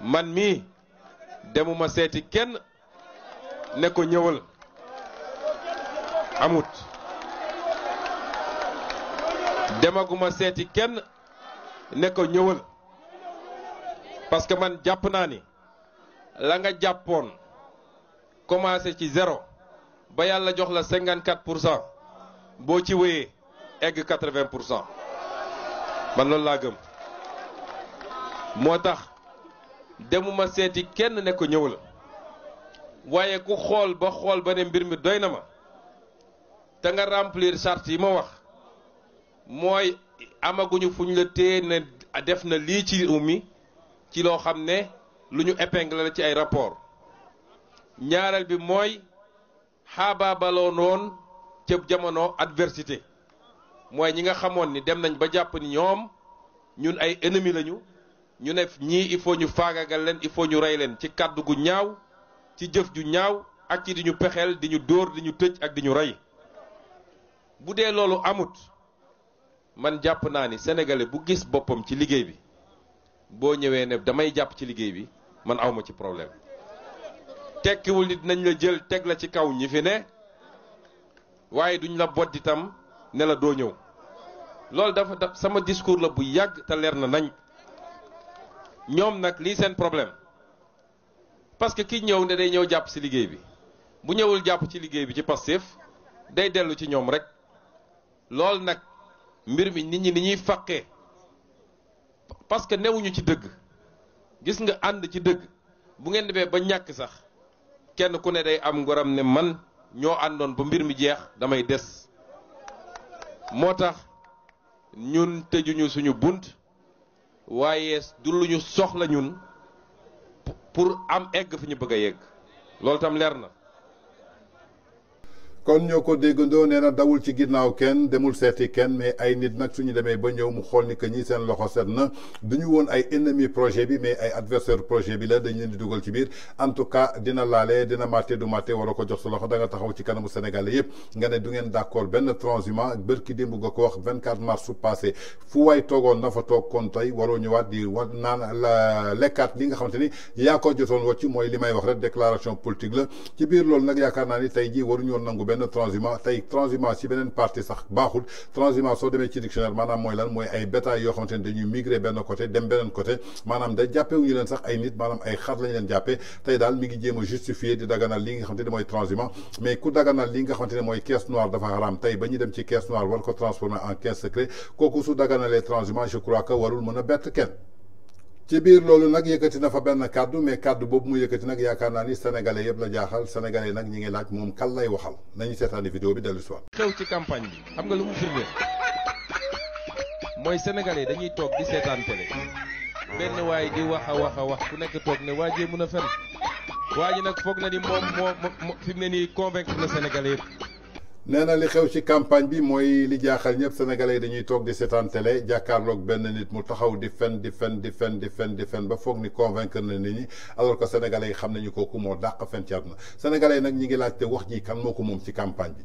man mii demuma seeti kenn ne ko ñëwal amut demaguma seeti kenn ne ko ñëwal parce que man jàpp naa ni la nga jàppoon commencé ci zéro ba yàlla jox la 54 pour cent boo ci wéyee egg 80 pour cent man loolu laa gëm moo tax demuma seeti kenn ne ko ñëw la waaye ku xool ba xool ba ne mbir mi doy na ma te nga remplir charte yi ma wax mooy amaguñu fu ñu la téye ne def na lii ci réew mi ci loo xam ne lu ñu épingle la ci ay rapport ñaareel bi mooy xaabaabaloon woon ca jamono adversité mooy ñi nga xamoon ni dem nañ ba jàpp ni ñoom ñun ay ennemis lañu ñu ne ñii il faut ñu faagagal leen il faut ñu rey leen ci kàddu gu ñaaw ci jëf ju ñaaw ak ci di ñu pexeel di ñu dóor di ñu tëj ak di ñu rey bu dee loolu amut man jàpp naa ni sénégalais bu gis boppam ci liggéey bi boo ñëwee ne damay jàpp ci liggéey bi man awma ci problème tekkiwul nit nañ la jël teg la ci kaw ñi fi ne waaye duñ la itam ne la doo ñëw loolu dafa sama discours la bu yàgg te leer na nañ ñoom nag lii seen problème parce que ki ñëw ne day ñëw jàpp ci liggéey bi bu ñëwul jàpp ci liggéey bi ci Pastef day dellu ci ñoom rek loolu nag mbir mi nit ñi ni ñuy faqee parce que newuñu ci dëgg gis nga ànd ci dëgg bu ngeen demee ba ñàkk sax kenn ku ne day am ngorom ne man ñoo àndoon ba mbir mi jeex damay des moo tax ñun tëjuñu suñu bunt waaye du lu ñu soxla ñun pour am egg fi ñu bëgg a yegg loolu tam leer na kon ñoko ko déggandoo nee dawul ci ginnaw kenn demul seeti kenn mais ay nit nak suñu démé ba ñew mu xol ni que ñi seen loxo set na duñu won ay ennemi projet bi mais ay adversaire projet bi la dañ leen di duggal ci biir en tout cas dina laalé dina marté du marté war ko jox sa loxo da nga taxaw ci kanamu sénégalais yépp nga ne du ngeen d'accord benn transhumant bërki démb nga ko wax 24 mars su passé fu way toogoon na fa toog kon tey waroo ñëwaat di war naan la lekkaat li nga xamante ni yaa ko jotoon wacc mooy li may wax rek déclaration politique la ci biir loolu nag yaakaar naa ni tey ji waruñu woon nangu benn transhumance tey transhumance ci beneen parti sax baaxul transhumance soo demee ci dictionnaire maanaam mooy lan mooy ay bétail yoo xamante ne dañuy migrer benn côté dem beneen côté maanaam da jàppewuñu leen sax ay nit maanaam ay xar lañ leen jàppee tey daal mi ngi jéem a justifier di daganal li nga xamante ne mooy transhumance mais ku daganal li nga xamante ne mooy caisse noire dafa xaraam tey ba ñu dem ci caisse noire war ko transformer en caisse secret kooku su daganalee ci biir loolu nag yëkkati na fa benn kàddu mais kàddu boobu mu yëkkati nag yaakaar naa ni sénégalais yëpp la jaaxal sénégalais nag ñi ngi laaj moom kan lay waxal nañu seetaani vidéo bi dellu si waat xew ci campagne bi xam nga lu mu firnde mooy sénégalais dañuy toog di seetaan télé benn waaye di wax a wax a wax ku nekk toog ne waajee mën a fen waa ji nag foog na ni moom moo fi mu ne nii convaincre na sénégalais yëpp nee na li xew ci campagne bi mooy li jaaxal ñëpp sénégalais yi dañuy toog di seetaan télé jàkkaarloog benn nit mu taxaw di fen di fen di fen di fen di fen ba foog ni convaincre na nit ñi alors ko sénégalais yi xam nañu kooku moo dàq fen ci àdduna sénégalais yi nag ñi ngi laajte wax ji kan moo ko moom ci campagne bi.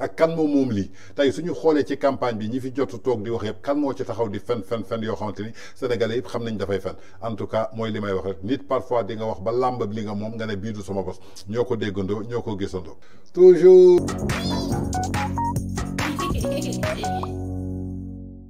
ak kan moo moom lii tey suñu xoolee ci campagne bi ñi fi jot toog di wax yëpp kan moo ci taxaw di fen fen fen yoo xamante ni sénégalais yëpp xam nañ dafay fen en tout cas mooy li may wax rek nit parfois di nga wax ba làmbab li nga moom nga ne bii du sama bos ñoo ko déggandoo ñoo ko gisandoo toujours